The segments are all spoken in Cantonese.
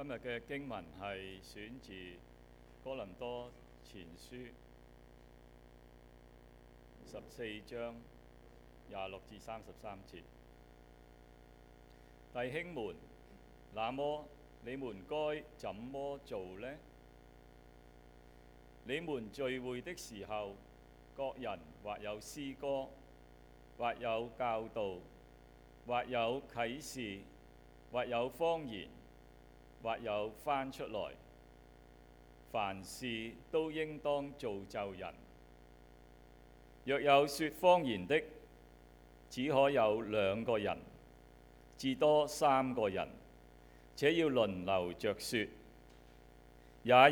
今日嘅經文係選自哥林多前書十四章廿六至三十三節。弟兄們，那麼你們該怎麼做呢？你們聚會的時候，各人或有詩歌，或有教導，或有啟示，或有方言。或有翻出來，凡事都應當造就人。若有説方言的，只可有兩個人，至多三個人，且要輪流着説，也要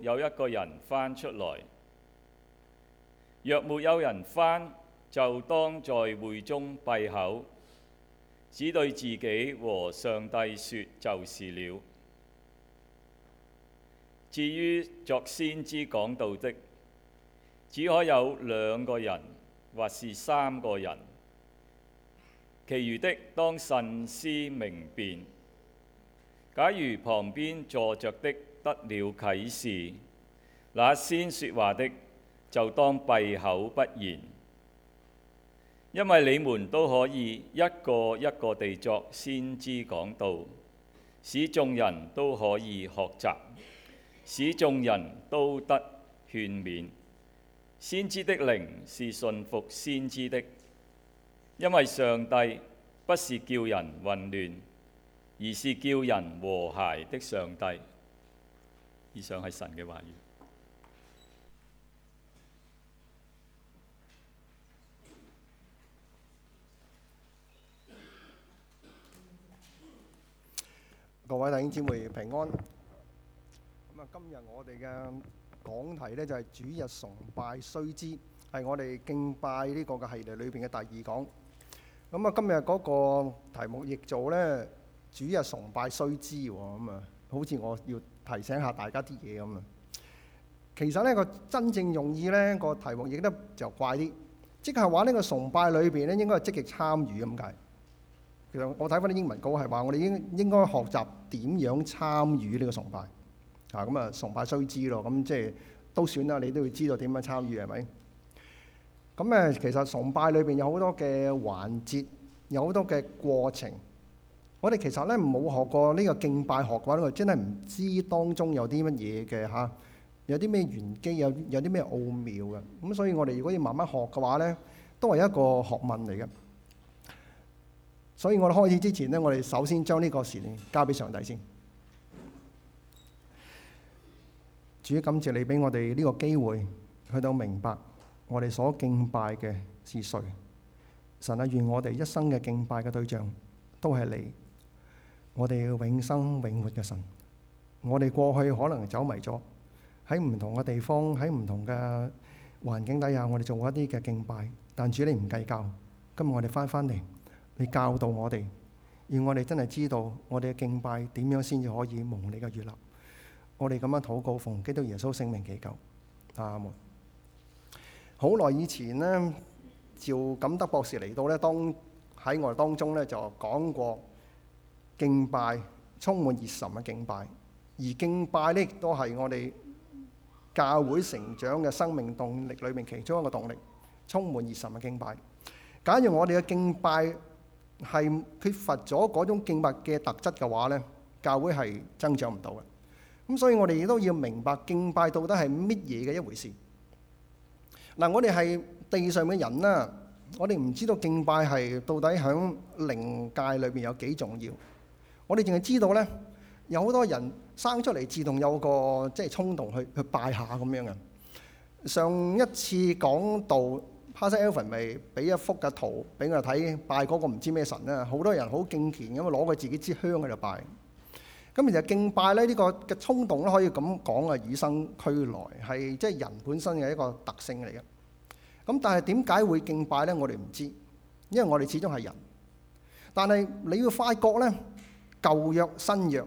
有一個人翻出來。若沒有人翻，就當在會中閉口，只對自己和上帝説就是了。至於作先知講道的，只可有兩個人或是三個人，其餘的當慎思明辨。假如旁邊坐着的得了啟示，那先說話的就當閉口不言，因為你們都可以一個一個地作先知講道，使眾人都可以學習。使眾人都得勸勉，先知的靈是順服先知的，因為上帝不是叫人混亂，而是叫人和諧的上帝。以上係神嘅話語。各位弟兄姊妹平安。今日我哋嘅講題呢，就係主日崇拜須知，係我哋敬拜呢個嘅系列裏邊嘅第二講。咁啊，今日嗰個題目亦做呢「主日崇拜須知」，咁啊，好似我要提醒下大家啲嘢咁啊。其實呢個真正容易呢個題目亦都就怪啲，即係話呢個崇拜裏邊咧應該係積極參與咁解。其實我睇翻啲英文稿係話我哋應應該學習點樣參與呢個崇拜。啊，咁啊、嗯，崇拜須知咯，咁即係都算啦，你都要知道點樣參與係咪？咁、嗯、誒、嗯，其實崇拜裏邊有好多嘅環節，有好多嘅過程。我哋其實咧冇學過呢個敬拜學嘅話咧，真係唔知當中有啲乜嘢嘅嚇，有啲咩玄機，有有啲咩奧妙嘅。咁、嗯、所以我哋如果要慢慢學嘅話咧，都係一個學問嚟嘅。所以我哋開始之前咧，我哋首先將呢個時段交俾上帝先。主感謝你俾我哋呢個機會，去到明白我哋所敬拜嘅是誰。神啊，願我哋一生嘅敬拜嘅對象都係你，我哋永生永活嘅神。我哋過去可能走迷咗，喺唔同嘅地方，喺唔同嘅環境底下，我哋做一啲嘅敬拜。但主你唔計較，今日我哋翻返嚟，你教導我哋，要我哋真係知道我哋嘅敬拜點樣先至可以蒙你嘅悅納。我哋咁樣禱告，奉基督耶穌聖名祈求，阿門。好耐以前咧，趙錦德博士嚟到咧，當喺我哋當中咧，就講過敬拜，充滿熱忱嘅敬拜。而敬拜咧亦都係我哋教會成長嘅生命動力裏面其中一個動力，充滿熱忱嘅敬拜。假如我哋嘅敬拜係缺乏咗嗰種敬拜嘅特質嘅話咧，教會係增長唔到嘅。咁所以我哋亦都要明白敬拜到底係乜嘢嘅一回事。嗱，我哋係地上嘅人啦，我哋唔知道敬拜係到底喺靈界裏面有幾重要。我哋淨係知道呢，有好多人生出嚟自動有個即係衝動去去拜下咁樣嘅。上一次講到，Pastor Elvin 咪俾一幅嘅圖俾我睇，拜嗰個唔知咩神啦，好多人好敬虔咁樣攞佢自己支香喺度拜。咁而其實敬拜咧呢個嘅衝動咧可以咁講啊，與生俱來係即係人本身嘅一個特性嚟嘅。咁但係點解會敬拜咧？我哋唔知，因為我哋始終係人。但係你要發覺咧，舊約新約，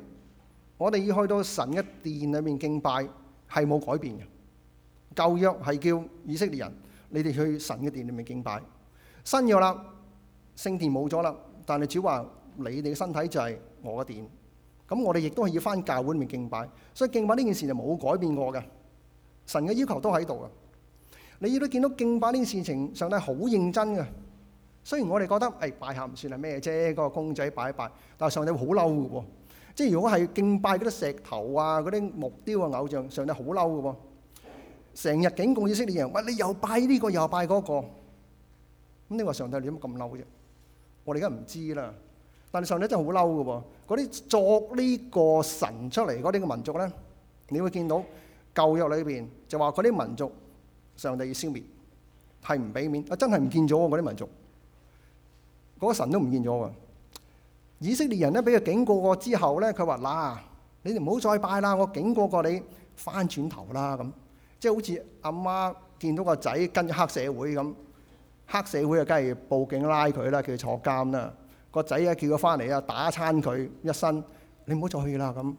我哋要去到神嘅殿裏面敬拜係冇改變嘅。舊約係叫以色列人，你哋去神嘅殿裏面敬拜。新約啦，聖殿冇咗啦，但係只話你哋嘅身體就係我嘅殿。咁我哋亦都係要返教會裏面敬拜，所以敬拜呢件事就冇改變過嘅。神嘅要求都喺度嘅。你亦都見到敬拜呢件事情，上帝好認真嘅。雖然我哋覺得，誒、哎、拜下唔算係咩啫，嗰、那個公仔拜一拜，但係上帝好嬲嘅喎。即係如果係敬拜嗰啲石頭啊、嗰啲木雕啊偶像，上帝好嬲嘅喎。成日警告以色列人，喂、哎，你又拜呢、這個又拜嗰、那個，咁你話上帝你有乜咁嬲啫？我哋而家唔知啦。但係上帝真係好嬲嘅喎，嗰啲作呢個神出嚟嗰啲嘅民族咧，你會見到舊約裏邊就話嗰啲民族，上帝要消滅，係唔俾面啊！真係唔見咗喎嗰啲民族，嗰個神都唔見咗喎。以色列人咧俾佢警告過之後咧，佢話嗱，你哋唔好再拜啦，我警告過你，翻轉頭啦咁，即係好似阿媽見到個仔跟黑社會咁，黑社會啊，梗係報警拉佢啦，叫佢坐監啦。個仔啊，叫佢翻嚟啊，打餐佢一身，你唔好再去啦咁，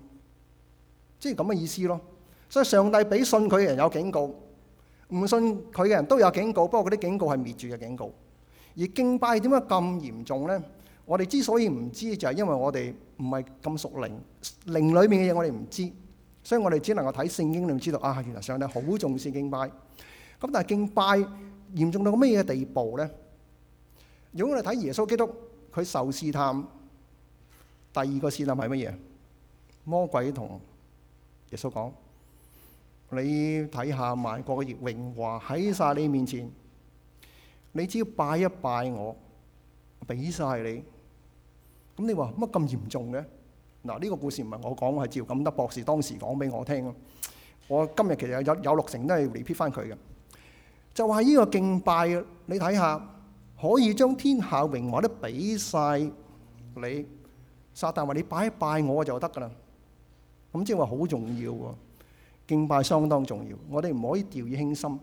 即係咁嘅意思咯。所以上帝俾信佢嘅人有警告，唔信佢嘅人都有警告，不過嗰啲警告係滅住嘅警告。而敬拜點解咁嚴重咧？我哋之所以唔知，就係因為我哋唔係咁熟靈，靈裏面嘅嘢，我哋唔知，所以我哋只能夠睇聖經裏面知道啊，原來上帝好重視敬拜。咁但係敬拜嚴重到咩嘢地步咧？如果我哋睇耶穌基督。佢受試探，第二個試探係乜嘢？魔鬼同耶穌講：你睇下萬國嘅榮華喺晒你面前，你只要拜一拜我，俾晒你。咁你話乜咁嚴重嘅？嗱，呢個故事唔係我講，係趙錦德博士當時講俾我聽咯。我今日其實有有六成都係彌補翻佢嘅，就話呢個敬拜，你睇下。可以將天下榮華都俾晒你，撒但話你拜一拜我就得㗎啦。咁即係話好重要喎，敬拜相當重要。我哋唔可以掉以輕心。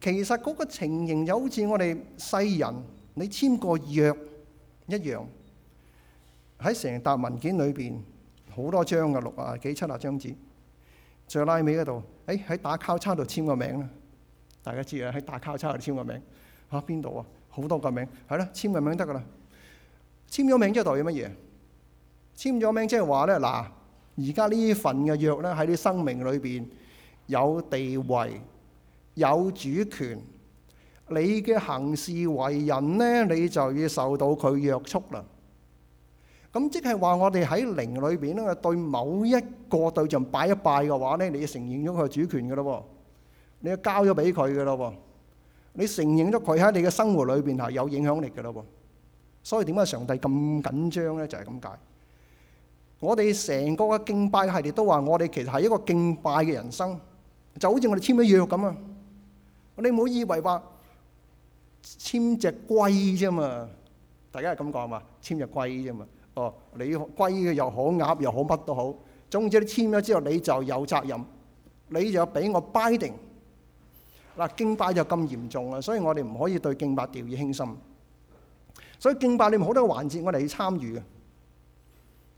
其實嗰個情形就好似我哋世人你簽個約一樣，喺成沓文件裏邊好多張㗎，六啊幾七啊張紙，最拉尾嗰度，誒、哎、喺打交叉度簽個名啦。大家知啊，喺打交叉度簽個名吓，邊度啊？好多個名，係啦，簽個名得噶啦。簽咗名即係代表乜嘢？簽咗名即係話咧，嗱，而家呢份嘅約咧喺你生命裏邊有地位、有主權。你嘅行事為人咧，你就要受到佢約束啦。咁即係話我哋喺靈裏邊咧，對某一個對象拜一拜嘅話咧，你承認咗佢主權噶咯喎，你要交咗俾佢噶咯喎。你承認咗佢喺你嘅生活裏邊係有影響力嘅咯喎，所以點解上帝咁緊張咧？就係咁解。我哋成個敬拜系列都話，我哋其實係一個敬拜嘅人生，就好似我哋簽咗約咁啊！你唔好以為話簽隻龜啫嘛，大家係咁講嘛，簽隻龜啫嘛。哦，你龜嘅又好，鴨又好，乜都好，總之你簽咗之後，你就有責任，你就俾我 binding。嗱，敬拜就咁嚴重啊，所以我哋唔可以對敬拜掉以輕心。所以敬拜裏面好多環節，我哋要參與嘅。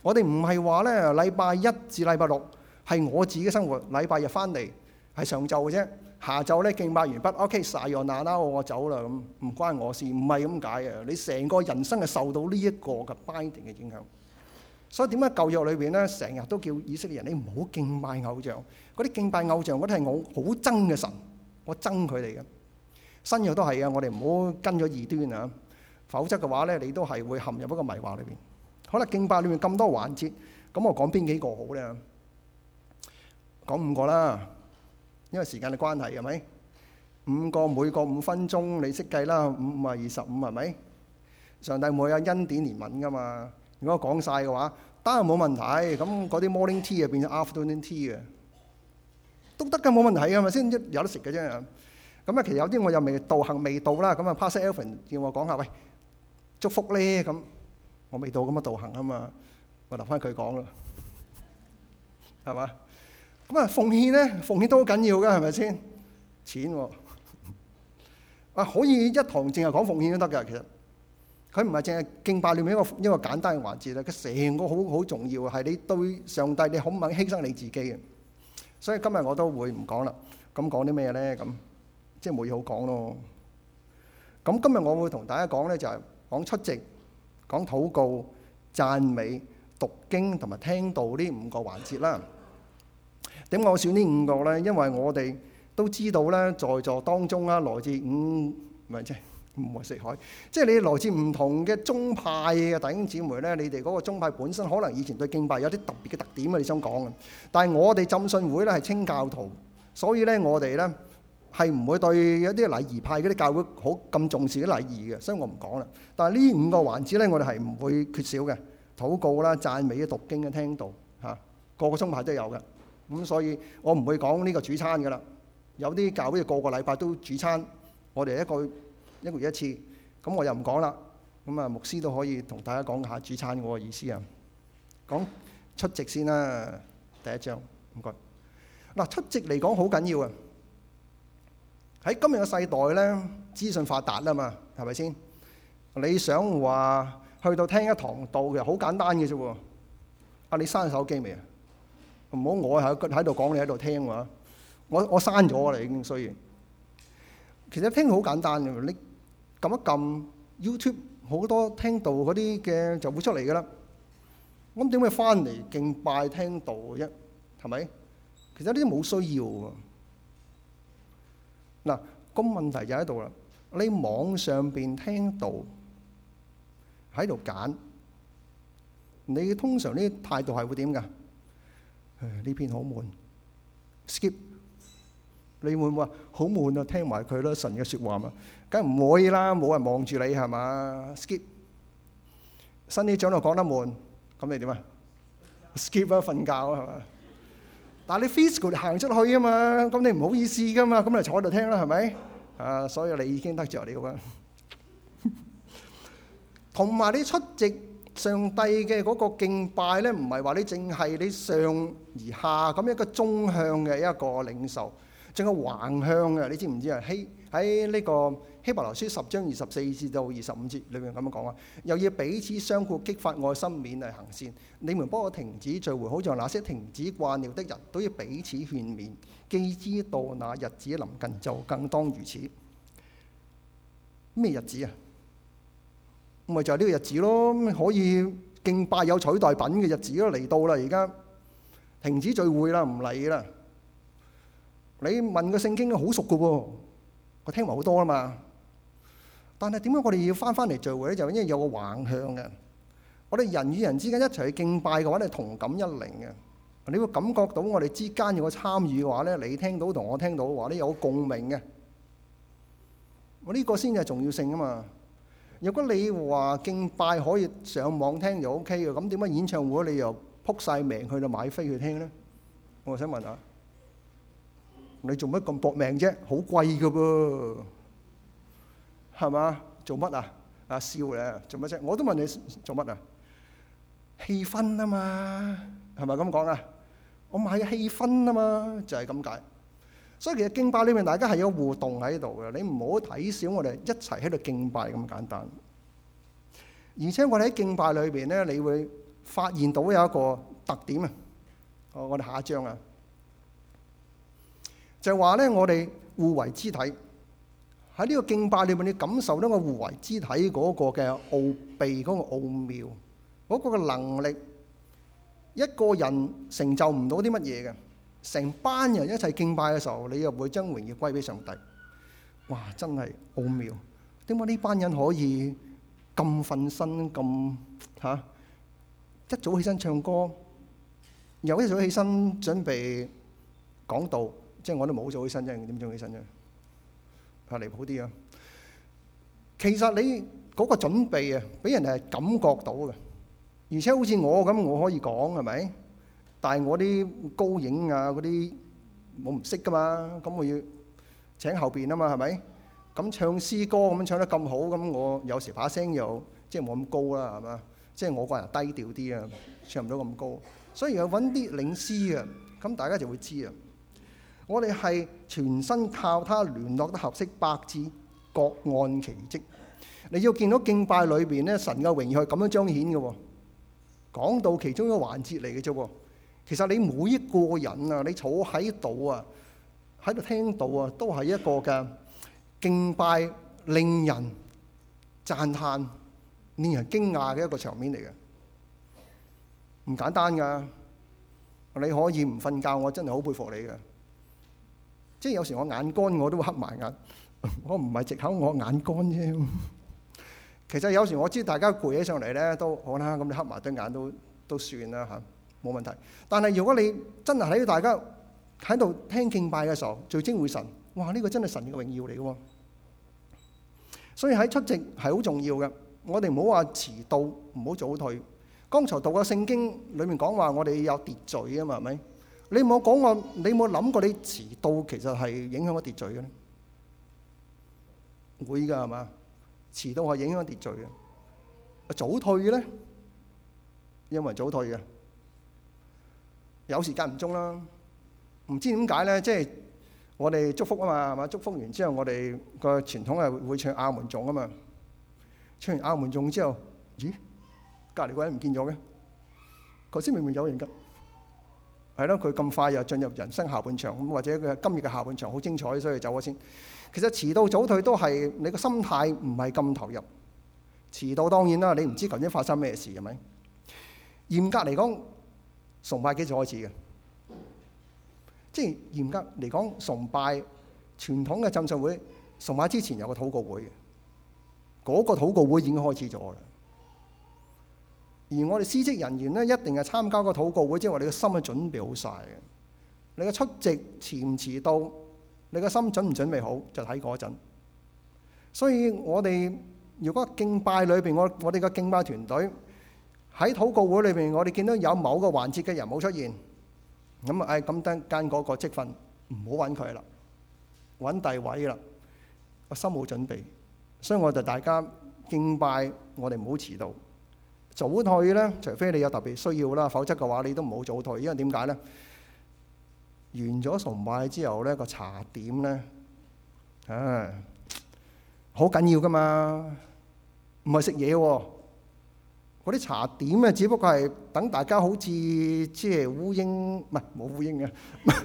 我哋唔係話咧，禮拜一至禮拜六係我自己生活，禮拜日翻嚟係上晝嘅啫，下晝咧敬拜完畢，O.K. 曬我，哪啦，我，我走啦咁，唔關我事，唔係咁解嘅。你成個人生係受到呢一個嘅 binding 嘅影響，所以點解舊約裏邊咧，成日都叫以色列人你唔好敬拜偶像嗰啲，敬拜偶像嗰啲係我好憎嘅神。我憎佢哋嘅，新約都係啊！我哋唔好跟咗異端啊，否則嘅話咧，你都係會陷入一個迷惑裏邊。好啦，敬拜裏面咁多環節，咁我講邊幾個好咧？講五個啦，因為時間嘅關係，係咪？五個每個五分鐘，你識計啦，五五係二十五，係咪？上帝唔會有恩典憐憫噶嘛。如果我講晒嘅話，當然冇問題。咁嗰啲 morning tea 變咗 afternoon tea 嘅。都得噶，冇問題噶，係咪先？有得食嘅啫。咁啊，其實有啲我又未道行，未到啦。咁啊，Pastor Elvin 叫我講下，喂，祝福你咁。我未到咁嘅道行啊嘛，我留翻佢講啦，係嘛？咁啊，奉獻咧，奉獻都好緊要㗎，係咪先？錢啊，可以一堂淨係講奉獻都得㗎。其實佢唔係淨係敬拜裏面一個一個簡單嘅環節啦。佢成個好好重要，係你對上帝你肯唔肯犧牲你自己嘅。所以今日我都會唔講啦。咁講啲咩呢？咁即係冇嘢好講咯。咁今日我會同大家講呢，就係、是、講出席、講禱告、讚美、讀經同埋聽道呢五個環節啦。點我選呢五個呢？因為我哋都知道呢，在座當中啊，來自五唔係即五湖四海，即係你來自唔同嘅宗派嘅弟兄姊妹咧，你哋嗰個宗派本身可能以前對敬拜有啲特別嘅特點啊，你想講啊？但係我哋浸信會咧係清教徒，所以咧我哋咧係唔會對一啲禮儀派嗰啲教會好咁重視啲禮儀嘅，所以我唔講啦。但係呢五個環節咧，我哋係唔會缺少嘅，禱告啦、讚美啊、讀經啊、聽到嚇，個個宗派都有嘅。咁所以，我唔會講呢個主餐噶啦。有啲教會個個禮拜都主餐，我哋一個。一個月一次，咁我又唔講啦。咁啊，牧師都可以同大家講下主餐嗰個意思啊。講出席先啦，第一章唔該。嗱，出席嚟講好緊要啊。喺今日嘅世代咧，資訊發達啦嘛，係咪先？你想話去到聽一堂道嘅，好簡單嘅啫喎。啊，你刪手機未啊？唔好，我係喺度講，你喺度聽喎。我我刪咗啦，已經，所以其實聽好簡單嘅，你。撳一撳 YouTube 好多聽道嗰啲嘅就會出嚟噶啦，咁點解翻嚟敬拜聽道啫？係咪？其實呢啲冇需要㗎。嗱，咁問題就喺度啦。你網上邊聽道喺度揀，你通常呢啲態度係會點㗎？唉，呢篇好悶，skip。你會唔會話好悶啊？聽埋佢啦，神嘅説話嘛。梗唔會啦，冇人望住你係嘛？Skip，新啲長老講得悶，咁你點啊？Skip 啦，瞓覺啦，係嘛？但係你 physical 行出去啊嘛，咁你唔好意思噶嘛，咁你坐喺度聽啦，係咪？啊，所以你已經得著了㗎。同埋你出席上帝嘅嗰個敬拜咧，唔係話你淨係你上而下咁一個縱向嘅一個領受，淨係橫向嘅，你知唔知啊？嘿。喺呢個希伯來書十章二十四至到二十五節裏面咁樣講啊，又要彼此相顧，激發愛心，勉勵行善。你們幫我停止聚會，好像那些停止慣了的人，都要彼此勸勉，既知道那日子臨近，就更當如此。咩日子啊？咪就係呢個日子咯，可以敬拜有取代品嘅日子咯嚟到啦！而家停止聚會啦，唔嚟啦。你問個聖經好熟㗎喎。聽埋好多啊嘛，但係點解我哋要翻翻嚟聚會咧？就因為有個橫向嘅，我哋人與人之間一齊去敬拜嘅話咧，同感一靈嘅，你會感覺到我哋之間有個參與嘅話咧，你聽到同我聽到嘅話咧，有個共鳴嘅，我呢個先係重要性啊嘛。如果你話敬拜可以上網聽就 OK 嘅，咁點解演唱會你又扑晒命去到買飛去聽咧？我想問下。你做乜咁搏命啫？好貴㗎噃，係嘛？做乜啊？阿笑咧，做乜啫？我都問你做乜啊？氣氛啊嘛，係咪咁講啊？我買氣氛啊嘛，就係咁解。所以其實敬拜裏面大家係有互動喺度嘅，你唔好睇小我哋一齊喺度敬拜咁簡單。而且我哋喺敬拜裏邊咧，你會發現到有一個特點啊！我我哋下一張啊。就係話咧，我哋互為肢體喺呢個敬拜裏面，你感受到嗰個互為肢體嗰個嘅奧秘嗰個奧妙，嗰個嘅能力，一個人成就唔到啲乜嘢嘅，成班人一齊敬拜嘅時候，你又會將榮耀歸俾上帝。哇！真係奧妙，點解呢班人可以咁瞓身咁嚇？一早起身唱歌，又一早起身準備講道。即係我都冇做起身啫，點做起身啫？係離譜啲啊！其實你嗰個準備啊，俾人係感覺到嘅。而且好似我咁，我可以講係咪？但係我啲高影啊，嗰啲我唔識噶嘛。咁我要請後邊啊嘛，係咪？咁唱詩歌咁樣唱得咁好，咁我有時把聲又即係冇咁高啦，係嘛？即係我個人低調啲啊，唱唔到咁高，所以要揾啲領詩啊，咁大家就會知啊。我哋係全身靠他聯絡得合適，百字各按其職。你要見到敬拜裏邊咧，神嘅榮譽係咁樣彰顯嘅。講到其中一個環節嚟嘅啫。其實你每一個人啊，你坐喺度啊，喺度聽到啊，都係一個嘅敬拜，令人讚歎、令人驚訝嘅一個場面嚟嘅。唔簡單噶。你可以唔瞓覺，我真係好佩服你嘅。即係有時我眼乾我都會黑埋眼，我唔係藉口我眼乾啫。 其實有時我知大家攰起上嚟咧都好啦，咁你黑埋對眼都都算啦嚇，冇問題。但係如果你真係喺大家喺度聽敬拜嘅時候聚精會神，哇！呢個真係神嘅榮耀嚟嘅喎。所以喺出席係好重要嘅。我哋唔好話遲到，唔好早退。剛才讀過聖經裡面講話，我哋有秩序啊嘛，係咪？你冇講過，你冇諗過你遲到其實係影響個秩序嘅咧？會㗎係嘛？遲到係影響秩序嘅。早退嘅咧，因為早退嘅有時間唔中啦。唔知點解咧？即係我哋祝福啊嘛，係嘛？祝福完之後，我哋個傳統係會唱亞門頌啊嘛。唱完亞門頌之後，咦？隔離個人唔見咗嘅，頭先明明有人㗎。係咯，佢咁快又進入人生下半場，或者佢今夜嘅下半場好精彩，所以走咗先。其實遲到早退都係你個心態唔係咁投入。遲到當然啦，你唔知頭先發生咩事係咪？嚴格嚟講，崇拜幾時開始嘅，即係嚴格嚟講，崇拜傳統嘅浸信會崇拜之前有個禱告會嘅，嗰個禱告會已經開始咗啦。而我哋司職人員咧，一定係參加個禱告會，即係話你個心係準備好晒嘅。你嘅出席遲唔遲到，你嘅心準唔準備好，就睇嗰陣。所以我哋如果敬拜裏邊，我我哋嘅敬拜團隊喺禱告會裏邊，我哋見到有某個環節嘅人冇出現，咁啊，唉、哎，咁得間嗰個職份唔好揾佢啦，揾第位啦，個心冇準備，所以我哋大家敬拜，我哋唔好遲到。早退咧，除非你有特別需要啦，否則嘅話你都唔好早退，因為點解咧？完咗崇拜之後咧，個茶點咧，唉，好緊要噶嘛，唔係食嘢喎。嗰啲茶點啊，只不過係等大家好似即係烏蠅，唔係冇烏蠅嘅，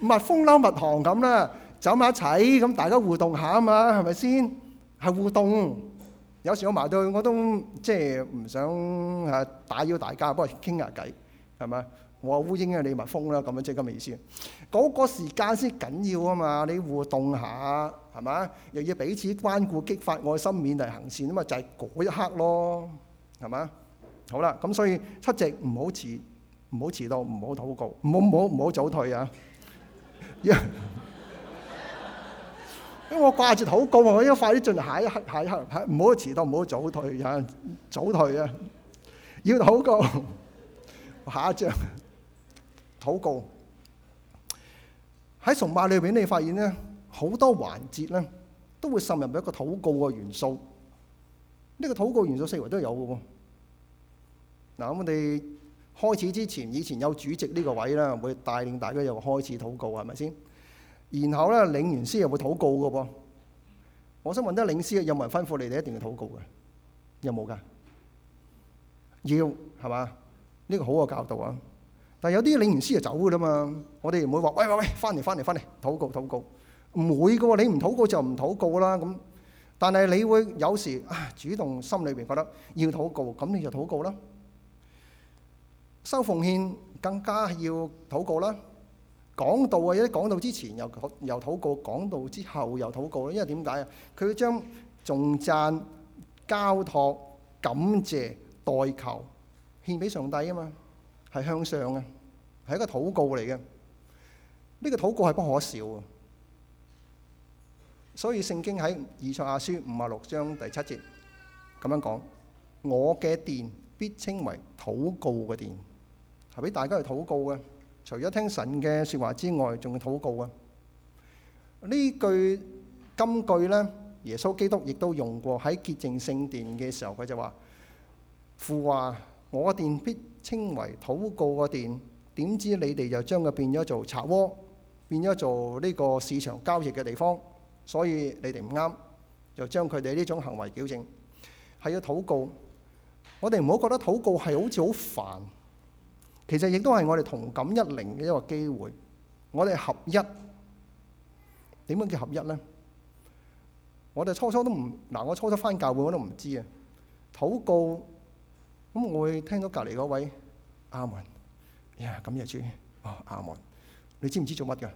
唔係蜂撈蜜糖咁啦，走埋一齊咁，大家互動下啊嘛，係咪先？係互動。有時我埋到去，我都即係唔想嚇打擾大家，不過傾下偈，係嘛？我話烏蠅啊，你蜜蜂啦，咁樣即係咁嘅意思。嗰、嗰個時間先緊要啊嘛，你互動下，係嘛？又要彼此關顧、激發愛心、勉勵行善啊嘛，就係、係、嗰一刻咯，係嘛？好啦，咁所以出席唔好遲，唔好遲到，唔好禱告，唔好唔好唔好早退啊！ 因為我掛住禱告，我而家快啲進入下一刻，下一刻，唔好遲到，唔好早退，吓早退啊！要禱告，下一章禱告。喺崇拜裏邊，你發現咧好多環節咧都會滲入到一個禱告嘅元素。呢個禱告元素四圍都有嘅喎。嗱，我哋開始之前，以前有主席呢個位啦，會帶領大家又開始禱告，係咪先？然後咧領完師又會禱告噶噃，我想問啲領師有冇人吩咐你哋一定要禱告嘅？有冇噶？要係嘛？呢個好嘅教導啊！但係有啲領完師就走噶啦嘛，我哋唔會話喂喂喂，翻嚟翻嚟翻嚟禱告禱告，唔會噶喎，你唔禱告就唔禱告啦咁。但係你會有時啊，主動心裏邊覺得要禱告，咁你就禱告啦。收奉獻更加要禱告啦。講道啊！有啲講道之前又又禱告，講道之後又禱告咧。因為點解啊？佢會將頌讚、交託、感謝、代求獻俾上帝啊嘛，係向上嘅，係一個禱告嚟嘅。呢、這個禱告係不可少啊！所以聖經喺以賽亞書五十六章第七節咁樣講：我嘅殿必稱為禱告嘅殿，係俾大家去禱告嘅。除咗聽神嘅說話之外，仲要禱告啊！呢句金句呢，耶穌基督亦都用過，喺潔淨聖殿嘅時候，佢就話：「父話我嘅殿必稱為禱告嘅殿，點知你哋就將佢變咗做賊窩，變咗做呢個市場交易嘅地方。」所以你哋唔啱，就將佢哋呢種行為矯正，係要禱告。我哋唔好覺得禱告係好似好煩。其實亦都係我哋同感一靈嘅一個機會。我哋合一，點樣叫合一咧？我哋初初都唔，嗱，我初初返教會我都唔知啊。禱告咁，我會聽到隔離嗰位阿門呀，感謝主哦。阿門，你知唔知做乜嘅？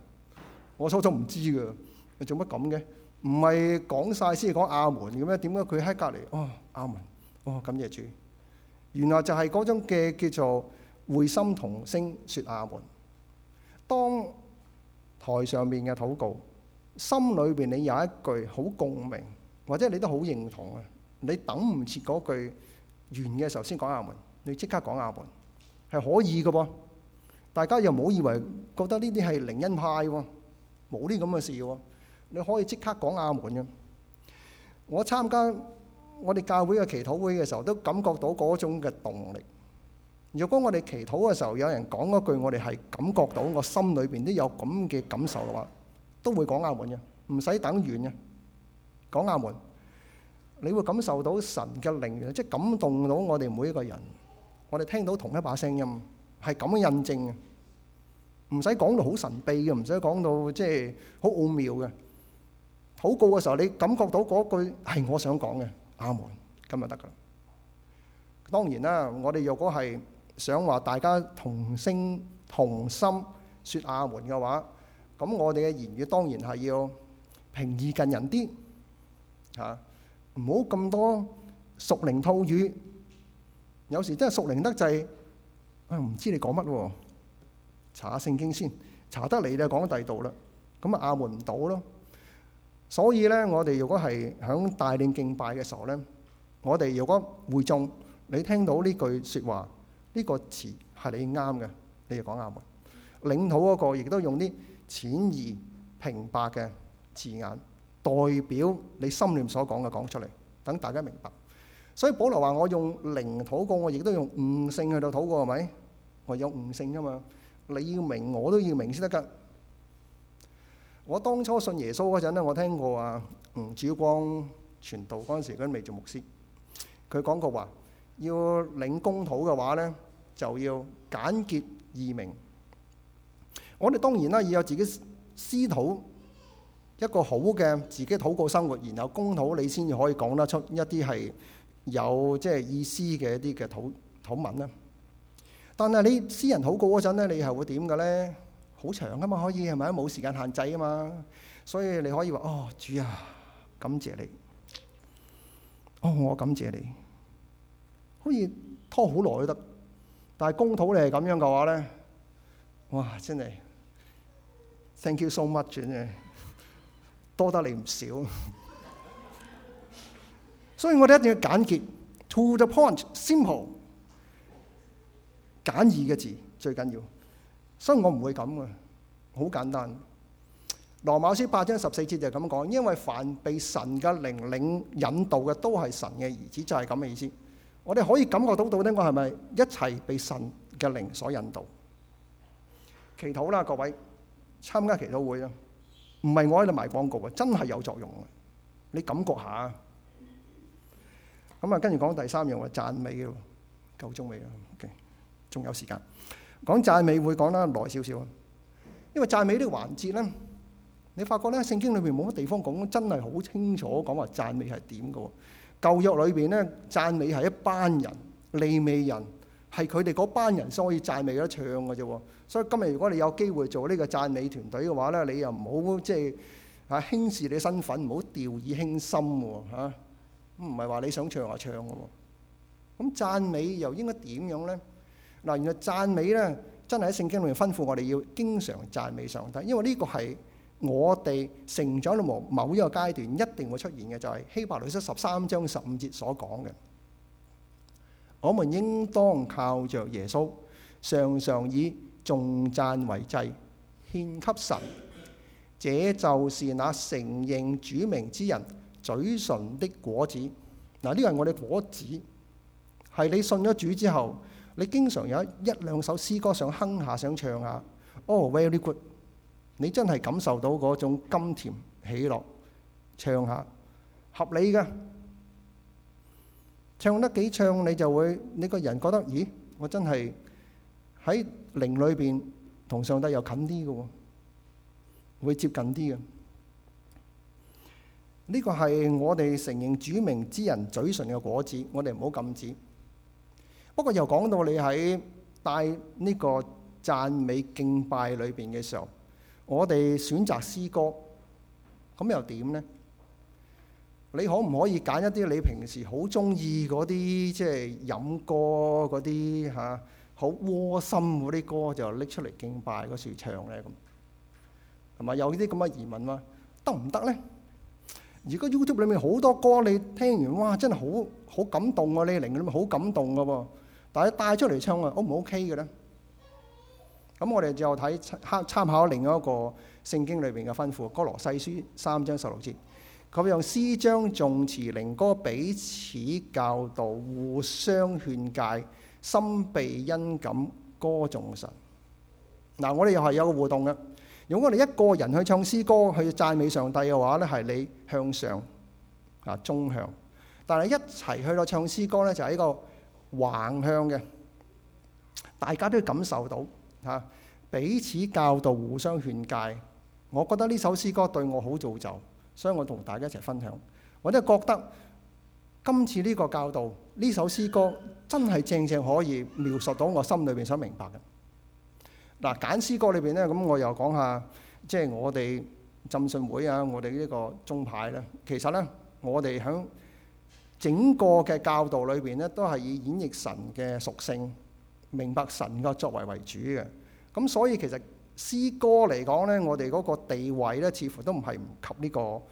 我初初唔知噶，你做乜咁嘅？唔係講晒先講阿門嘅咩？點解佢喺隔離哦？阿門哦，感謝主。原來就係嗰種嘅叫做。會心同聲説阿門。當台上面嘅禱告，心裏邊你有一句好共鳴，或者你都好認同啊，你等唔切嗰句完嘅時候先講阿門，你即刻講阿門係可以嘅噃。大家又唔好以為覺得呢啲係靈恩派喎，冇呢咁嘅事喎，你可以即刻講阿門嘅。我參加我哋教會嘅祈禱會嘅時候，都感覺到嗰種嘅動力。如果我哋祈禱嘅時候，有人講嗰句，我哋係感覺到我心裏邊都有咁嘅感受嘅話，都會講亞門嘅，唔使等完嘅，講亞門，你會感受到神嘅靈，即係感動到我哋每一個人。我哋聽到同一把聲音，係咁嘅印證嘅，唔使講到好神秘嘅，唔使講到即係好奧妙嘅。禱告嘅時候，你感覺到嗰句係我想講嘅，亞門咁就得噶啦。當然啦，我哋若果係，想話大家同聲同心説亞門嘅話，咁我哋嘅言語當然係要平易近人啲吓，唔好咁多屬靈套語。有時真係屬靈得滯，我唔知你講乜喎？查下聖經先查得嚟就講第二度啦，咁啊亞門唔到咯。所以咧，我哋如果係響大殿敬拜嘅時候咧，我哋如果會眾你聽到呢句説話。呢個詞係你啱嘅，你就講啱嘅。領禱嗰個亦都用啲淺而平白嘅字眼，代表你心念所講嘅講出嚟，等大家明白。所以保羅話：我用靈禱告，我亦都用悟性去到禱告，係咪？我有悟性㗎嘛？你要明，我都要明先得㗎。我當初信耶穌嗰陣咧，我聽過啊，吳主光傳道嗰陣時，佢未做牧師，佢講過話。要領公禱嘅話咧，就要簡潔易明。我哋當然啦，要有自己私禱，一個好嘅自己禱告生活，然後公禱你先至可以講得出一啲係有即係意思嘅一啲嘅禱禱文啦。但係你私人禱告嗰陣咧，你係會點嘅咧？好長啊嘛，可以係咪啊？冇時間限制啊嘛，所以你可以話：哦，主啊，感謝你！哦，我感謝你。好似拖好耐都得，但係公土你係咁樣嘅話咧，哇！真係，thank you so much，真 多得你唔少。 所以我哋一定要簡潔，to the point，simple，簡易嘅字最緊要。所以我唔會咁啊，好簡單。羅馬書八章十四節就係咁講，因為凡被神嘅靈領引導嘅都係神嘅兒子，就係咁嘅意思。我哋可以感覺到到呢我係咪一齊被神嘅靈所引導？祈禱啦，各位參加祈禱會啦，唔係我喺度賣廣告啊，真係有作用啊！你感覺下咁啊，跟住講第三樣話讚美咯，夠鐘未啊？OK，仲有時間講讚美會講得耐少少啊。因為讚美環節呢個環節咧，你發覺咧聖經裏邊冇乜地方講真係好清楚講話讚美係點嘅喎。舊約裏邊咧，讚美係一班人，利未人係佢哋嗰班人先可以讚美嘅，唱嘅啫。所以今日如果你有機會做呢個讚美團隊嘅話咧，你又唔好即係啊輕視你身份，唔好掉以輕心喎嚇。唔係話你想唱話唱嘅喎。咁讚美又應該點樣咧？嗱，原來讚美咧真係喺聖經裏面吩咐我哋要經常讚美上帝，因為呢個係。我哋成長到某一個階段，一定會出現嘅就係希伯來書十三章十五節所講嘅，我們應當靠着耶穌，常常以頌讚為祭獻給神。這就是那承認主名之人嘴唇的果子。嗱，呢個係我哋果子，係你信咗主之後，你經常有一兩首詩歌想哼下，想唱下。o、oh, very good. 你真係感受到嗰種甘甜喜樂，唱下合理嘅唱得幾唱，你就會你個人覺得，咦？我真係喺靈裏邊同上帝又近啲嘅，會接近啲嘅。呢個係我哋承認主名之人嘴唇嘅果子，我哋唔好禁止。不過又講到你喺帶呢個讚美敬拜裏邊嘅時候。我哋選擇詩歌，咁又點咧？你可唔可以揀一啲你平時好中意嗰啲，即係飲歌嗰啲嚇，好窩心嗰啲歌，就拎出嚟敬拜嗰時唱咧咁。係咪有呢啲咁嘅疑問啊？得唔得咧？而家 YouTube 裡面好多歌，你聽完哇，真係好好感動啊！你嗰啲咪好感動噶噃，但係帶出嚟唱啊，O 唔 OK 嘅咧？咁、嗯、我哋就睇參考另一個聖經裏邊嘅吩咐，《歌羅西書》三章十六節，佢用詩章靈、頌詞、靈歌彼此教導，互相勸戒，心被恩感歌頌神。嗱、嗯，我哋又係有個互動嘅。如果我哋一個人去唱詩歌去讚美上帝嘅話咧，係你向上啊，縱向；但係一齊去到唱詩歌咧，就係、是、一個橫向嘅，大家都感受到。嚇！彼此教導，互相勸戒。我覺得呢首詩歌對我好造就，所以我同大家一齊分享。我都覺得今次呢個教導，呢首詩歌真係正正可以描述到我心裏邊想明白嘅。嗱、啊，簡詩歌裏邊呢，咁我又講下，即係我哋浸信會啊，我哋呢個宗派呢。其實呢，我哋響整個嘅教導裏邊呢，都係以演繹神嘅屬性。明白神嘅作為為主嘅，咁所以其實詩歌嚟講呢，我哋嗰個地位呢，似乎都唔係唔及呢、呢個，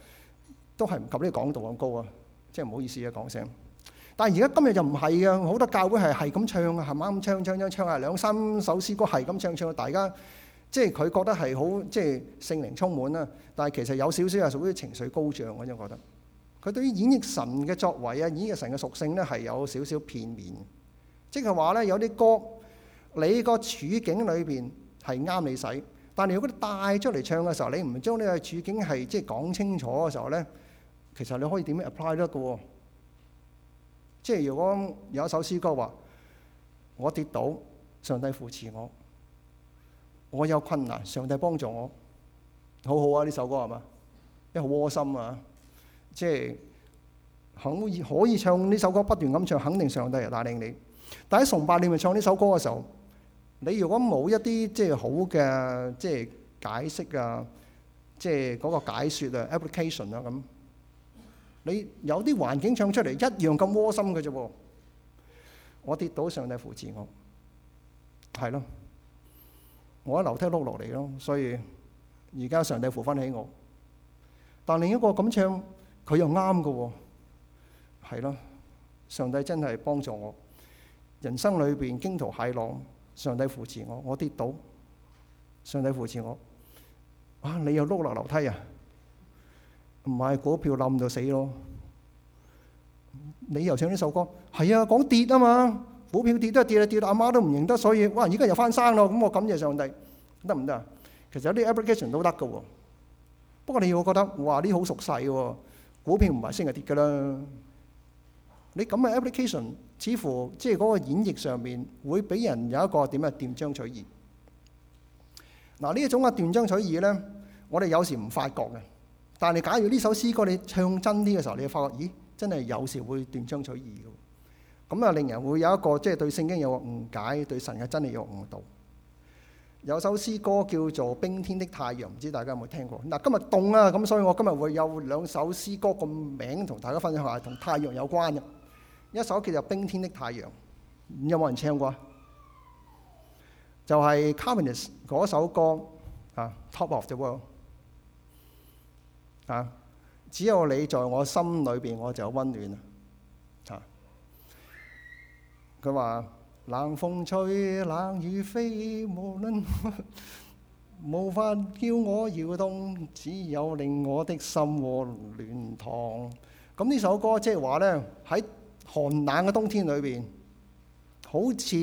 都係唔及呢個講道咁高啊！即係唔好意思啊，講聲。但係而家今日就唔係啊，好多教會係係咁唱啊，係啱咁唱唱唱唱啊，兩三首詩歌係咁唱唱，大家即係佢覺得係好即係聖靈充滿啊。但係其實有少少係屬於情緒高漲嘅、啊、啫，我就覺得佢對於演繹神嘅作為啊，演繹神嘅屬性呢，係有少少片面。即係話咧，有啲歌你個處境裏邊係啱你使，但係如果你帶出嚟唱嘅時候，你唔將呢個處境係即係講清楚嘅時候咧，其實你可以點樣 apply 得嘅喎、哦。即係如果有一首詩歌話：我跌倒，上帝扶持我；我有困難，上帝幫助我。好好啊！呢首歌係嘛？因為好窩心啊！即係肯可以唱呢首歌不斷咁唱，肯定上帝係帶領你。但喺崇拜，你咪唱呢首歌嘅時候，你如果冇一啲即係好嘅、即係解釋啊，即係嗰個解說啊，application 啊咁，你有啲環境唱出嚟一樣咁窩心嘅啫。我跌倒，上帝扶持我，係咯。我喺樓梯碌落嚟咯，所以而家上帝扶翻起我。但另一個咁唱，佢又啱㗎，係咯。上帝真係幫助我。人生裏邊驚濤駭浪，上帝扶持我，我跌倒，上帝扶持我。啊，你又碌落樓梯啊？買股票冧到死咯。你又唱呢首歌，係啊，講跌啊嘛，股票跌都係跌啊，跌到阿媽都唔認得，所以哇，而家又翻生咯。咁我感謝上帝得唔得啊？其實有啲 application 都得㗎喎，不過你我覺得哇，呢好熟悉喎，啊，股票唔係升係跌㗎啦。你咁嘅 application 似乎即係嗰個演繹上面會俾人有一個點嘅斷章取義。嗱，呢一種嘅斷章取義咧，我哋有時唔發覺嘅。但係假如呢首詩歌你唱真啲嘅時候，你就發覺，咦，真係有時會斷章取義嘅。咁啊，令人會有一個即係對聖經有個誤解，對神嘅真理有個誤導。有首詩歌叫做《冰天的太陽》，唔知大家有冇聽過？嗱，今日凍啊，咁所以我今日會有兩首詩歌個名同大家分享下，同太陽有關嘅。一首叫做《冰天的太陽》，有冇人唱過？就係 Carpenters 嗰首歌啊，《Top of the World》啊，只有你在我心裏邊，我就温暖啊。佢話：冷風吹，冷雨飛，無論無法叫我搖動，只有令我的心窩暖燙。咁呢首歌即係話咧喺寒冷嘅冬天裏邊，好似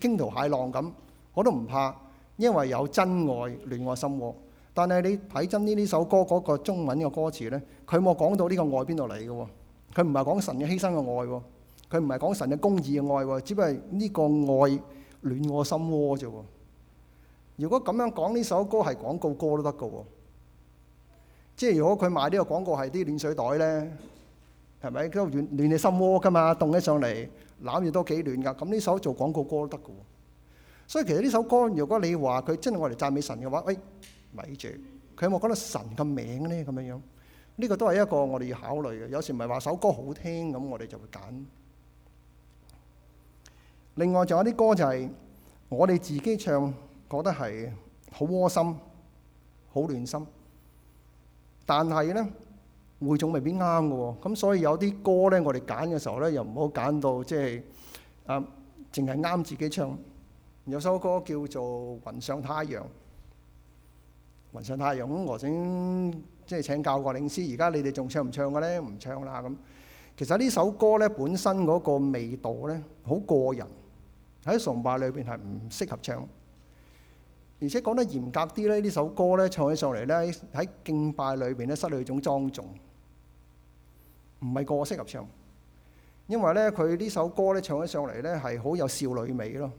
驚濤駭浪咁，我都唔怕，因為有真愛暖我心窩。但係你睇真呢呢首歌嗰個中文嘅歌詞呢，佢冇講到呢個愛邊度嚟嘅喎，佢唔係講神嘅犧牲嘅愛喎，佢唔係講神嘅公義嘅愛喎，只不過係呢個愛暖我心窩啫。如果咁樣講呢首歌係廣告歌都得嘅喎，即係如果佢賣呢個廣告係啲暖水袋呢？係咪都暖暖你心窩噶嘛？凍起上嚟攬住都幾暖噶。咁呢首做廣告歌都得嘅。所以其實呢首歌，如果你話佢真係我哋讚美神嘅話，喂咪住，佢有冇講到神嘅名咧？咁樣樣呢個都係一個我哋要考慮嘅。有時唔係話首歌好聽咁，我哋就會揀。另外仲有啲歌就係我哋自己唱，覺得係好窩心、好暖心，但係咧。會眾未必啱嘅喎，咁所以有啲歌咧，我哋揀嘅時候咧，又唔好揀到即係啊，淨係啱自己唱。有首歌叫做《雲上太陽》，《雲上太陽》咁，我想即係請教過領師，而家你哋仲唱唔唱嘅咧？唔唱啦咁。其實呢首歌咧本身嗰個味道咧，好過人喺崇拜裏邊係唔適合唱，而且講得嚴格啲咧，呢首歌咧唱起上嚟咧喺敬拜裏邊咧失去一種莊重。唔係個個適合唱，因為咧佢呢首歌咧唱起上嚟咧係好有少女味咯。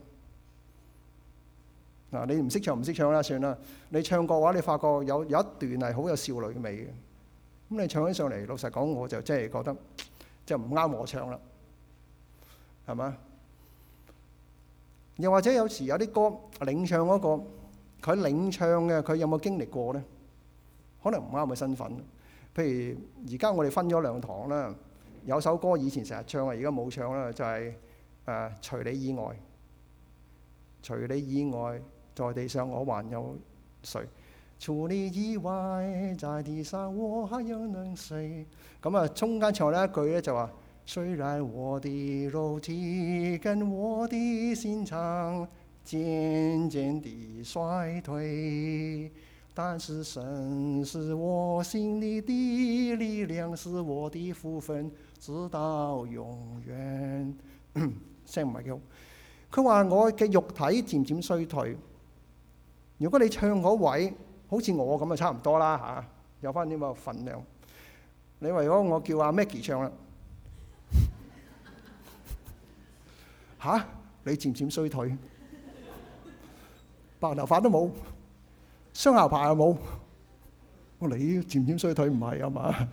嗱，你唔識唱唔識唱啦，算啦。你唱過話你發覺有有一段係好有少女味嘅。咁你唱起上嚟，老實講我就真係覺得就唔啱我唱啦，係嘛？又或者有時有啲歌領唱嗰個，佢領唱嘅佢有冇經歷過咧？可能唔啱嘅身份。譬如而家我哋分咗兩堂啦，有首歌以前成日唱啊，而家冇唱啦，就係誒除你以外，除你以外，在地上我還有誰？除你以外，在地上我還有誰？咁啊，中間唱咧一句咧就話，雖然我哋肉體跟我哋心腸漸漸地衰退。但是神是我心裏的力量，是我的福分，直到永遠。 聲唔係幾好。佢話我嘅肉體漸漸衰退。如果你唱嗰位，好似我咁啊，差唔多啦吓，有翻呢個份量。你如果我叫阿 Maggie 唱啦，吓、啊、你漸漸衰退，白頭髮都冇。雙下排有冇？我你漸漸衰退唔係啊嘛，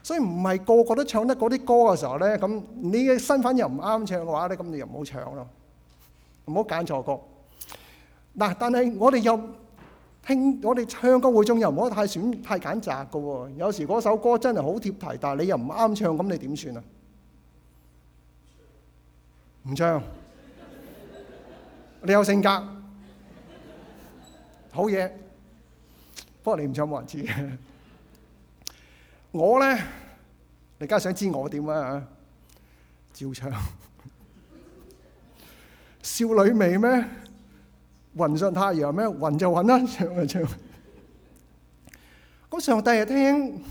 所以唔係個個都唱得嗰啲歌嘅時候咧，咁你嘅身份又唔啱唱嘅話咧，咁你又唔好唱咯，唔好揀錯歌。嗱，但係我哋又聽，我哋唱歌會中又唔好太選太揀擇嘅喎。有時嗰首歌真係好貼題，但係你又唔啱唱，咁你點算啊？唔唱，你有性格。好嘢，不過你唔唱冇人知嘅。我咧，你梗係想知我點啊？照唱，少女味咩？雲上太陽咩？雲就雲啦，唱就唱。咁上帝係聽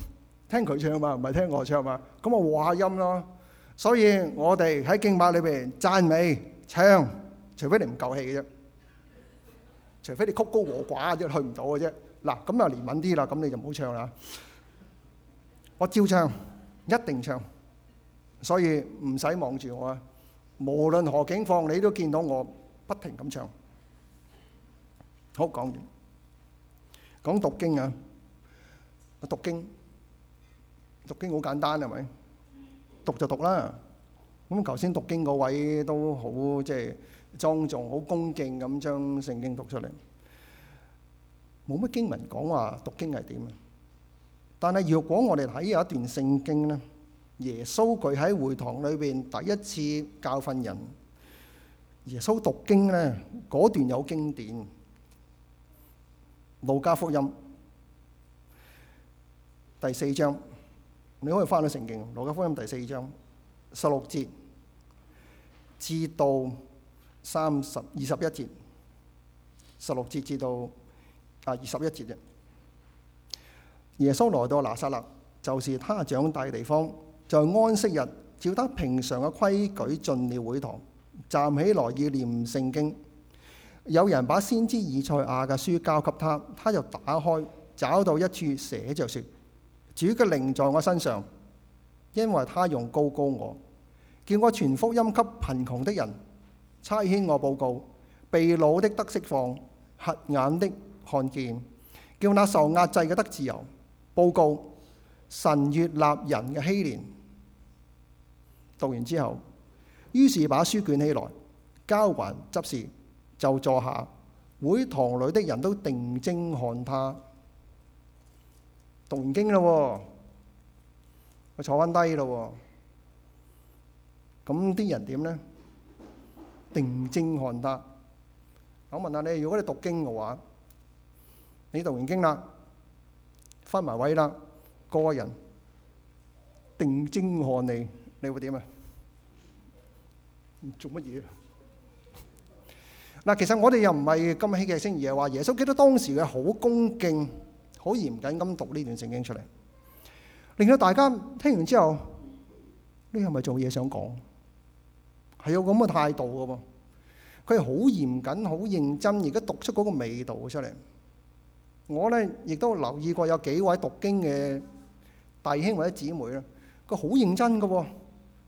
聽佢唱嘛，唔係聽我唱嘛。咁啊和下音咯。所以我哋喺敬拜裏邊讚美唱，除非你唔夠氣嘅啫。除非你曲高和寡啊，即去唔到嘅啫。嗱，咁又憐憫啲啦，咁你就唔好唱啦。我照唱，一定唱。所以唔使望住我啊，無論何境況，你都見到我不停咁唱。好，講完。講讀經啊，讀經，讀經好簡單係咪？讀就讀啦。咁頭先讀經嗰位都好即係。莊重、好恭敬咁將聖經讀出嚟，冇乜經文講話讀經係點。但係若果我哋睇有一段聖經咧，耶穌佢喺會堂裏邊第一次教訓人，耶穌讀經咧嗰段有經典，《路加福音》第四章，你可以翻到聖經《路加福音》第四章十六節至到三十二十一節，十六節至到啊二十一節，耶穌來到拿撒勒，就是他長大嘅地方，在、就是、安息日照他平常嘅規矩進了會堂，站起來要念聖經。有人把先知以賽亞嘅書交給他，他就打開，找到一處寫着説：主嘅靈在我身上，因為他用膏膏我，叫我傳福音給貧窮的人。差遣我報告，被擄的得釋放，瞎眼的看見，叫那受壓制嘅得自由。報告，神悦納人嘅禧年。讀完之後，於是把書捲起來，交還執事，就坐下。會堂裏的人都定睛看他。讀完經咯，哦，佢坐翻低咯，咁啲人點呢？定睛看他，我問下你：如果你讀經嘅話，你讀完經啦，翻埋位啦，嗰個人定睛看你，你會點啊？做乜嘢？嗱，其實我哋又唔係咁喜嘅，而係話耶穌基督當時嘅好恭敬、好嚴謹咁讀呢段聖經出嚟，令到大家聽完之後，你係咪做嘢想講？係有咁嘅態度嘅喎、哦，佢係好嚴謹、好認真，而家讀出嗰個味道出嚟。我咧亦都留意過有幾位讀經嘅弟兄或者姊妹啦，佢好認真嘅喎、哦。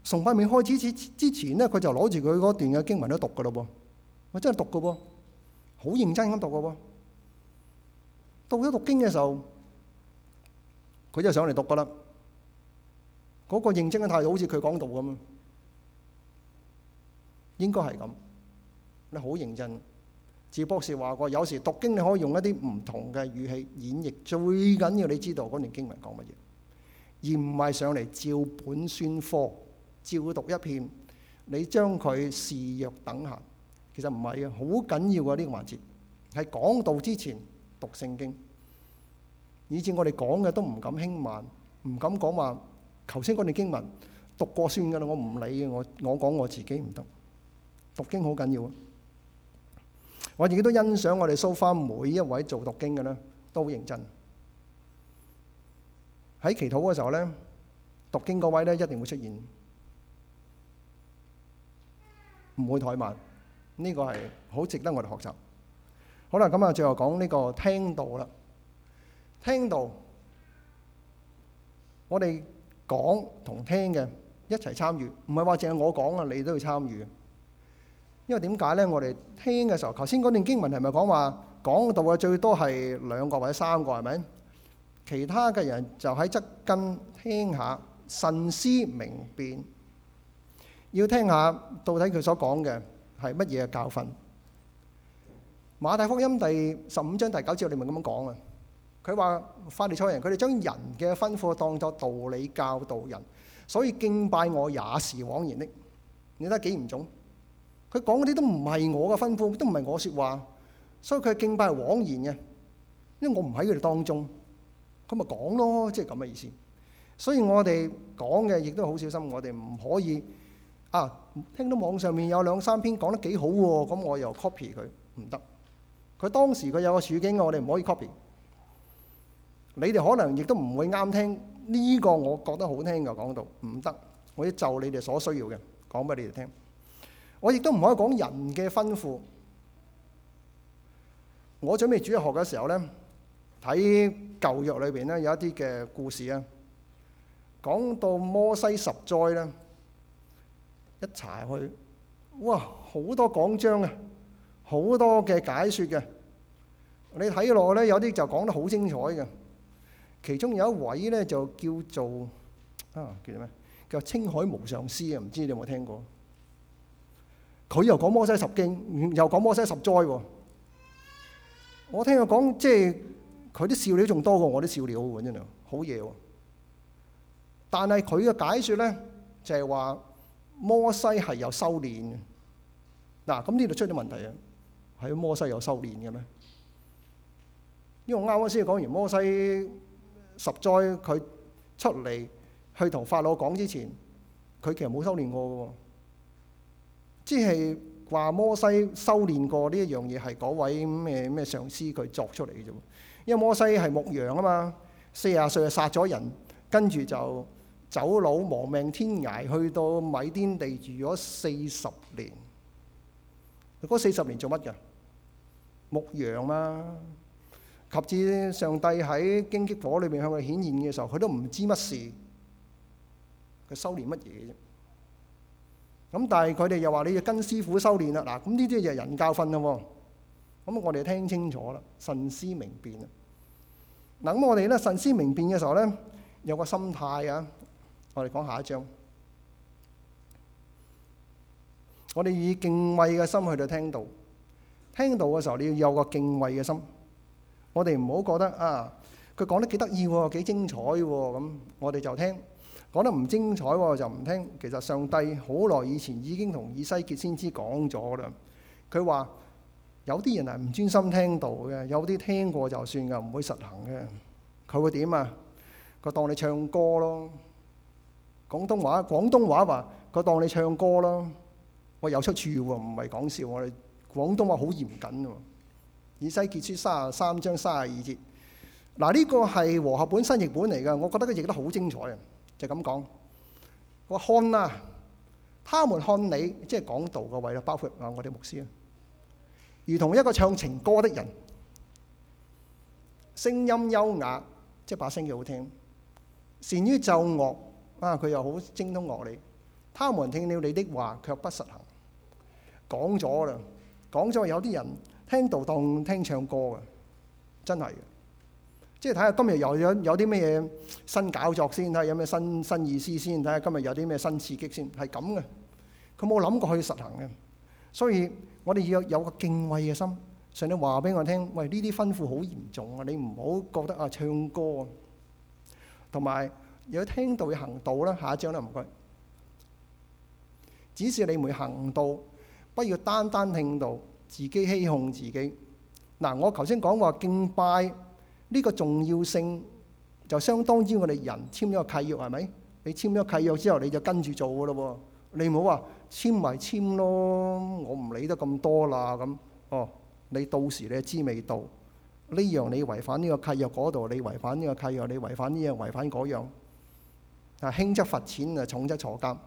崇拜未開始之之前咧，佢就攞住佢嗰段嘅經文都讀嘅咯噃，我真係讀嘅喎、哦，好認真咁讀嘅喎、哦。到咗讀經嘅時候，佢就上嚟讀嘅啦。嗰、那個認真嘅態度好，好似佢講道咁啊。應該係咁，你好認真。趙博士話過，有時讀經你可以用一啲唔同嘅語氣演繹，最緊要你知道嗰段經文講乜嘢，而唔係上嚟照本宣科，照讀一遍，你將佢視若等閒。其實唔係啊，好緊要啊！呢、呢個環節係講道之前讀聖經，以致我哋講嘅都唔敢輕慢，唔敢講話，頭先嗰段經文讀過算㗎啦，我唔理嘅，我我講我自己唔得。讀經好緊要啊！我自己都欣賞我哋收翻每一位做讀經嘅咧，都好認真。喺祈禱嘅時候咧，讀經嗰位咧一定會出現，唔會怠慢呢、這個係好值得我哋學習。好啦，咁啊，最後講呢個聽道啦，聽道我哋講同聽嘅一齊參與，唔係話淨係我講啊，你都要參與。因為點解咧？我哋聽嘅時候，頭先嗰段經文係咪講話講道嘅最多係兩個或者三個，係咪？其他嘅人就喺側跟聽下，慎思明辨，要聽下到底佢所講嘅係乜嘢嘅教訓。馬太福音第十五章第九節，你咪咁樣講啊？佢話翻地初人，佢哋將人嘅吩咐當作道理教導人，所以敬拜我也是枉然的。你睇得幾嚴重？佢講嗰啲都唔係我嘅吩咐，都唔係我説話，所以佢敬拜係枉然嘅，因為我唔喺佢哋當中，咁咪講咯，即係咁嘅意思。所以我哋講嘅亦都好小心，我哋唔可以啊。聽到網上面有兩三篇講得幾好喎，咁我又 copy 佢唔得。佢當時佢有個處境，我哋唔可以 copy。你哋可能亦都唔會啱聽呢個，我覺得好聽嘅講道，唔得。我哋就你哋所需要嘅講俾你哋聽。我亦都唔可以講人嘅吩咐。我準備主日學嘅時候咧，睇舊約裏邊咧有一啲嘅故事啊，講到摩西十災咧，一查去，哇好多講章嘅，好多嘅解説嘅。你睇落咧有啲就講得好精彩嘅，其中有一位咧就叫做啊叫做咩？叫清海無上師啊，唔知你有冇聽過？佢又講摩西十經，又講摩西十災喎。我聽佢講，即係佢啲笑料仲多過我啲笑料喎，真係好嘢喎。但係佢嘅解説咧，就係話摩西係有修練嘅。嗱，咁呢度出咗問題啊！係摩西有修練嘅咩？因為我啱啱先講完摩西十災，佢出嚟去同法老講之前，佢其實冇修練過嘅喎。即係話摩西修煉過呢一樣嘢係嗰位咩咩上司佢作出嚟嘅啫，因為摩西係牧羊啊嘛，四十歲就殺咗人，跟住就走佬亡命天涯，去到米甸地住咗四十年。嗰四十年做乜嘅？牧羊嘛，及至上帝喺荊棘火裏邊向佢顯現嘅時候，佢都唔知乜事，佢修煉乜嘢啫？咁但係佢哋又話你要跟師傅修練啦，嗱咁呢啲就係人教訓咯。咁我哋聽清楚啦，慎思明辨啦。嗱咁我哋咧慎思明辨嘅時候咧，有個心態啊。我哋講下一章。我哋以敬畏嘅心去到聽道，聽道嘅時候你要有個敬畏嘅心。我哋唔好覺得啊，佢講得幾得意喎，幾精彩喎，咁我哋就聽。講得唔精彩喎，就唔聽。其實上帝好耐以前已經同以西結先知講咗啦。佢話有啲人係唔專心聽道嘅，有啲聽過就算㗎，唔會實行嘅。佢會點啊？佢當你唱歌咯。廣東話，廣東話話佢當你唱歌咯。喂，有出處喎，啊，唔係講笑。我哋廣東話好嚴謹喎。以西結書三啊三章三啊二節，三十三章三十二節嗱，呢個係和合本新譯本嚟㗎。我覺得佢譯得好精彩啊！就咁講，我看啊，他們看你即係講道個位啦，包括啊我哋牧師啊，如同一個唱情歌的人，聲音優雅，即係把聲幾好聽，善於奏樂啊，佢又好精通樂理。他們聽了你的話卻不實行，講咗啦，講咗有啲人聽道當聽唱歌㗎，真係即係睇下今日又有有啲咩嘢新搞作先，睇下有咩新新意思先，睇下今日有啲咩新刺激先，係咁嘅。佢冇諗過去實行嘅，所以我哋要有有個敬畏嘅心。上帝話俾我聽：「喂，呢啲吩咐好嚴重啊！你唔好覺得啊，唱歌啊，同埋有聽到要行道啦。下一章啦，唔該。只是你們行道，不要單單聽道，自己欺哄自己。嗱，我頭先講話敬拜。呢個重要性就相當於我哋人簽咗個契約，係咪？你簽咗契約之後，你就跟住做噶咯喎。你唔好話簽咪簽咯，我唔理得咁多啦咁。哦，你到時你知未到？呢樣你違反呢個契約，嗰度你違反呢個契約，你違反呢樣，違反嗰樣。啊，輕則罰錢啊，重則坐監。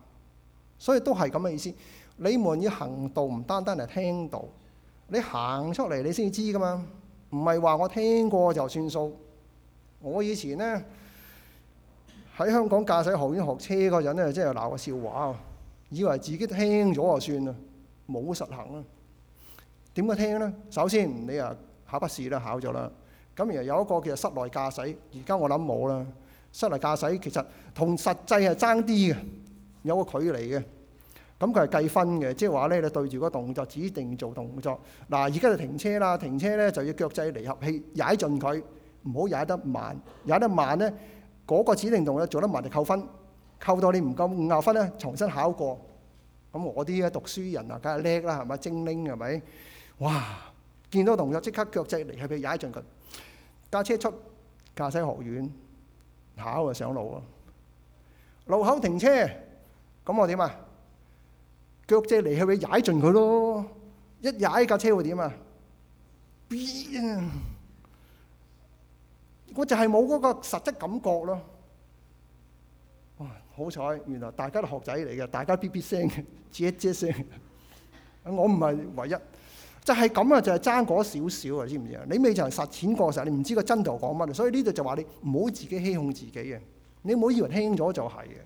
所以都係咁嘅意思。你們要行道，唔單單係聽道，你行出嚟，你先知噶嘛。唔係話我聽過就算數。我以前呢，喺香港駕駛學院學車嗰陣咧，真係鬧個笑話啊！以為自己聽咗就算啦，冇實行啊。點解聽呢？首先你啊考筆試都考咗啦。咁然後有一個叫做室內駕駛，而家我諗冇啦。室內駕駛其實同實際係爭啲嘅，有個距離嘅。咁佢係計分嘅，即係話咧，你對住嗰動作指定做動作嗱。而家就停車啦，停車咧就要腳掣離合器踩盡佢，唔好踩得慢。踩得慢咧，嗰個指定動作做得慢就扣分，扣到你唔夠五十分咧，重新考過。咁我啲讀書人啊，梗係叻啦，係咪精靈係咪？哇！見到動作即刻腳掣離合器踩盡佢，駕車出駕駛學院考啊上路啊。路口停車咁我點啊？腳借嚟，係咪踩盡佢咯。一踩架車會點啊？我就係冇嗰個實質感覺咯。哇！好彩，原來大家都學仔嚟嘅，大家咇咇聲嘅，吱一吱聲。我唔係唯一，就係咁啊！就係爭嗰少少啊！知唔知啊？你未曾實踐過時，你唔知個真道講乜。所以呢度就話你唔好自己欺哄自己嘅。你唔好以為輕咗就係嘅。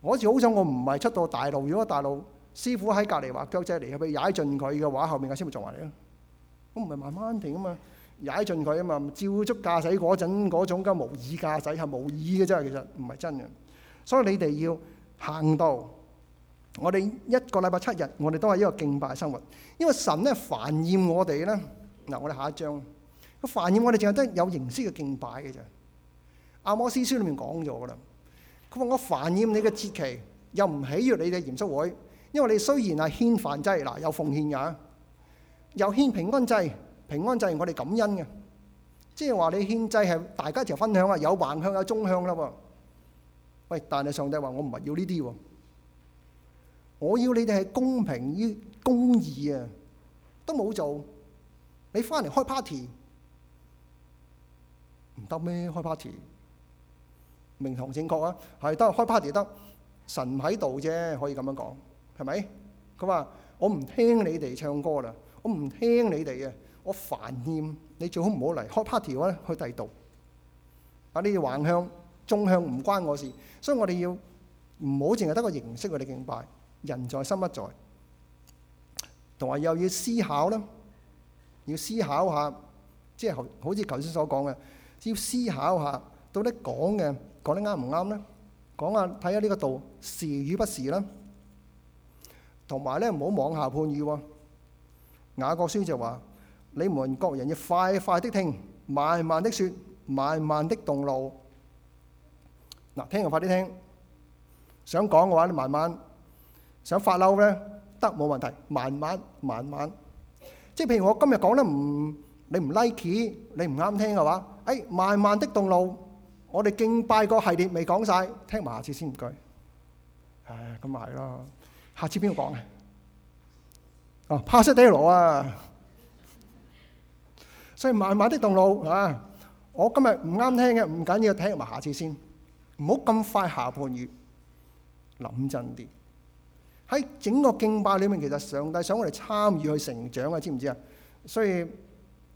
我就好彩我唔係出到大路，如果大路師傅喺隔離話鳩啫嚟，佢踩盡佢嘅話，後面嘅先會撞埋你啦。我唔係慢慢停啊嘛，踩盡佢啊嘛，照足駕駛嗰陣嗰種咁模擬駕駛係模擬嘅啫，真係其實唔係真嘅。所以你哋要行道。我哋一個禮拜七日，我哋都係一個敬拜生活，因為神咧煩厭我哋咧嗱，我哋下一章，佢煩厭我哋淨係得有形式嘅敬拜嘅啫。阿摩司書裡面講咗噶啦。我煩厭你嘅節期，又唔喜悅你哋嚴肅會，因為你雖然係獻燔祭嗱，有奉獻嘅，有獻平安祭，平安祭我哋感恩嘅，即係話你獻祭係大家一齊分享啊，有橫向有縱向啦。喂，但係上帝話我唔係要呢啲，我要你哋係公平於公義啊，都冇做，你翻嚟開 party，唔得咩？開 party？明堂正確啊，係得開 party 得神唔喺度啫，可以咁樣講係咪？佢話：我唔聽你哋唱歌啦，我唔聽你哋嘅，我煩厭你，最好唔好嚟開 party 啦，去第二度啊！呢啲橫向縱向唔關我事，所以我哋要唔好淨係得個形式，我哋敬拜人在心不在，同埋又要思考啦，要思考下，即係好好似頭先所講嘅，要思考下到底講嘅。講得啱唔啱咧？講下睇下呢個道是與不是啦。同埋咧，唔好妄下判語喎、哦。雅各書就話：你們各人要快快的聽，慢慢的說，慢慢的動怒。嗱，聽就快啲聽。想講嘅話，你慢慢；想發嬲咧，得冇問題。慢慢，慢慢。即係譬如我今日講得唔你唔 like，你唔啱聽嘅話，誒、哎，慢慢的動怒。我哋敬拜個系列未講晒，聽埋下次先唔該。唉，咁咪係咯。下次邊個講嘅？哦，帕斯提羅啊，啊 所以慢慢地動腦啊。我今日唔啱聽嘅，唔緊要，聽埋下次先。唔好咁快下判語，諗真啲。喺整個敬拜裏面，其實上帝想我哋參與去成長啊，知唔知啊？所以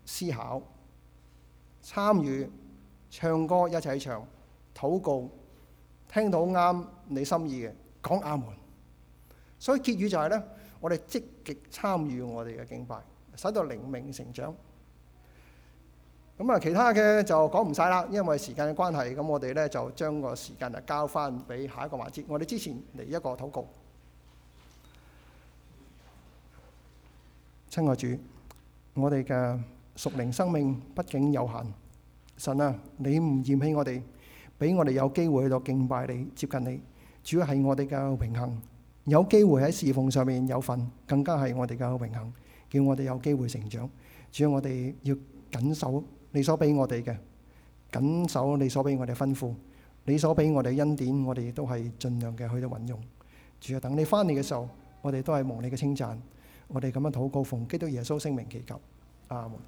思考、參與。唱歌一齊喺唱，禱告，聽到啱你心意嘅講阿門。所以結語就係咧，我哋積極參與我哋嘅敬拜，使到靈命成長。咁啊，其他嘅就講唔晒，啦，因為時間嘅關係。咁我哋咧就將個時間就交翻俾下一個環節。我哋之前嚟一個禱告，親愛主，我哋嘅屬靈生命畢竟有限。神啊，你唔嫌棄我哋，俾我哋有機會去到敬拜你、接近你。主要係我哋嘅榮幸，有機會喺侍奉上面有份，更加係我哋嘅榮幸，叫我哋有機會成長。主要我哋要謹守你所俾我哋嘅，謹守你所俾我哋吩咐，你所俾我哋恩典，我哋亦都係盡量嘅去到運用。主要等你返嚟嘅時候，我哋都係蒙你嘅稱讚。我哋咁樣禱告，奉基督耶穌聖名祈求，阿門。